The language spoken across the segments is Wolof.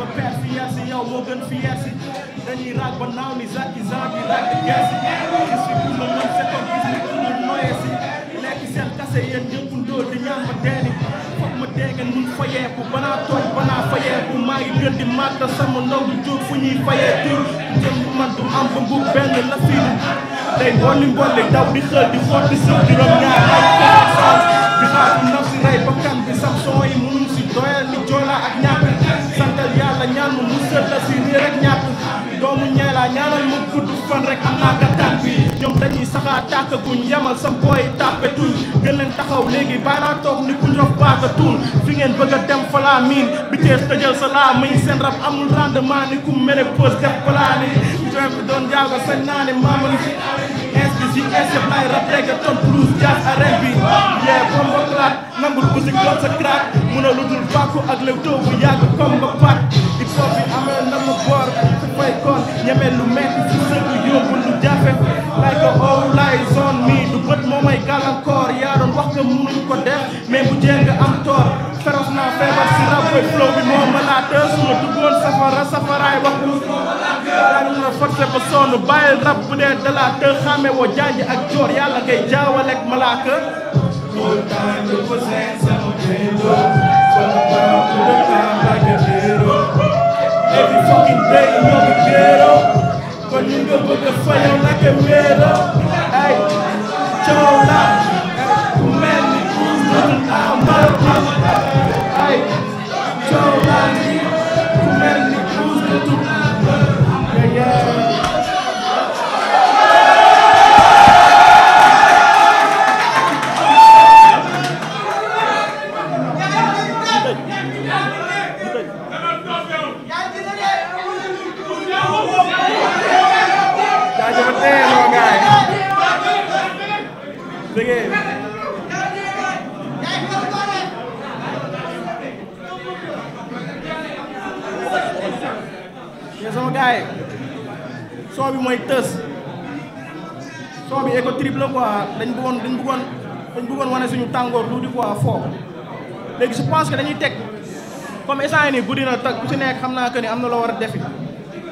ba peer si yeer si yow moo gën fi yeer si dañuy raag ba naaw ni zaki zaki raag di geer si si pour la mën sekoon gis ni si lekk seen kase yéen ñëpp ndóol di ñaan ma deeni foog ma deegen mun fayeeku banaa tooñ banaa fayeeku maa ngi gën di màtta sama ndaw du jóg fu ñuy fayee tur jëm bu man du am ba mbub benn la fii day bolli bolli daw di xël di xool di sëf di rom ñaar ay di xaar naf si rey bakkan bi sax son yi mënul si ñaanal mu gudd fan rek am naa kattan bi ñoom dañuy saxaat tàkk guñ yamal sam booy tàppetuñ gën leen taxaw léegi bàyyi toog ni kuñ rof baakatuñ fi ngeen bëgg a dem falaa bi tëjal sa laa seen rab amul rendement ni ku mere pës def balaa ni bi doon jaaga sañ naa ne maamali bi si ins yëpp lay rab rek ton plus jaas arène bi yee bomba claat nangul busik doon sa craat mun a lu dul bàkku ak lew toobu yàgg comme ba pat mais bu jee am toor feros naa feebar si rab flow bi moo ma laa tëës ma duggoon safara safaraay wax daañu la forcé ba sonn bàyyil rab bu dee dalaa tëx xàmme woo janj ak joor yàlla ngay jaawaleeg malaaka every fucking day ñoo ngi kon ñu nga bëgg a fayoo naka wéeroo ay dama teel sama gaay dégg bi mooy tës soo bi éco trip la dañ bëggoon dañ bëggoon dañ bëggoon wane suñu tàngoor di quoi foofu léegi je pense que dañuy teg comme instant yii nii guddi na tag ku si nekk xam naa que ni am na loo war a defi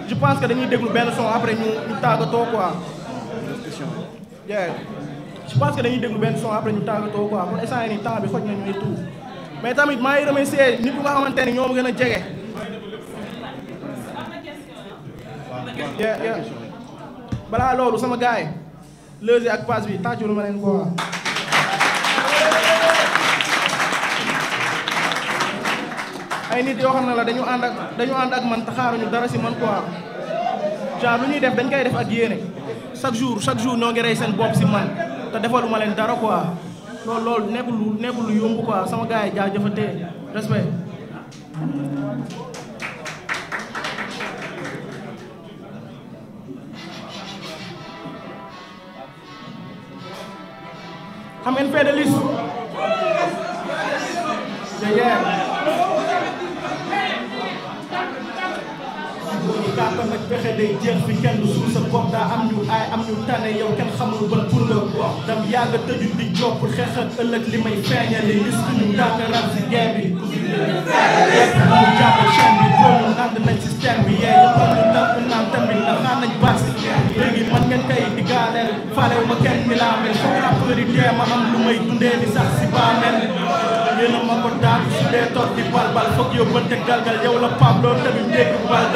je pense que dañuy déglu benn son après ñu ñu tàggatoo quoi. yeah je pense que dañuy déglu benn son après ñu tàggatoo quoi pour instant yii nii temps bi xoj nañu et tout mais tamit maa ngi remercier nit ku nga xamante ne ñoom gën a jege. yeah yeah balaa loolu sama gars yi ak passe bi tàccu ma leen quoi. ay nit yoo xam ne la dañu ànd ak dañu ànd ak man taxaaruñu dara si man quoi genre lu ñuy def dañ koy def ak yéene chaque jour chaque jour ñoo ngi rey seen bopp si man te defalu leen dara quoi lool loolu nekkul lu nekkul lu yomb quoi sama gars yi jaajëfate respect. xam yàlla nag pexe day jeex fi kenn suuf sa bopp daa am ñu aay am ñu nga wax dam yàgg la xaar nañ baax si léegi man ngeen ma kenn mi laa mel foog dee ma lu may dundee di sax si baamel yéen a ma ko daal su dee toog di balbal foog yóbbante galgal yow la Pablo tamit dégg bal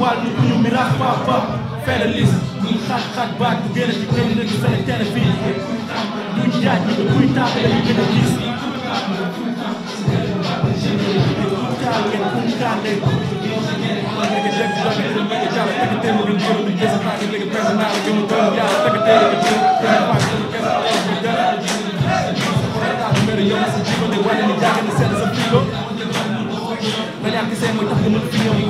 waal ñu bu ñu mirage ba ba fële lis ñu xaaj xaaj baat bu génn ci benn dëkk fële teel a fii ñu jaaj ñu buy taal dañuy gën a gis. taal ngeen ku ñu taal léegi man léegi dëkk doon nañu léegi jàll fekk teel a gën jëloon ñu jës naa ne léegi perte naa la gën a doon jàll fekk teel a gën jël fekk pàcc ñu kenn ku nekk ñu dara taal mbir yow si jiw ba ne wane ni jàng na seen sa filo nga ñàkk seen mooy tax nga mën fi ñëw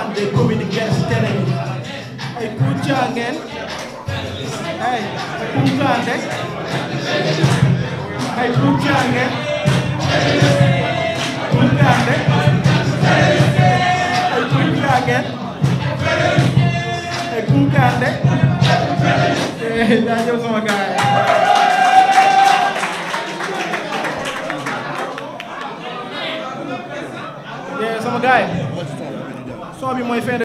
waxtaan des communes Thiès télé bi ay Kouthia ngeen ay Kouthia ngeen ay Kouthia ngeen Kouthia ngeen ay Kouthia ngeen ay Kouthia ngeen eh, jaajëf sama gars yi eh, sama gars yi bi mooy fin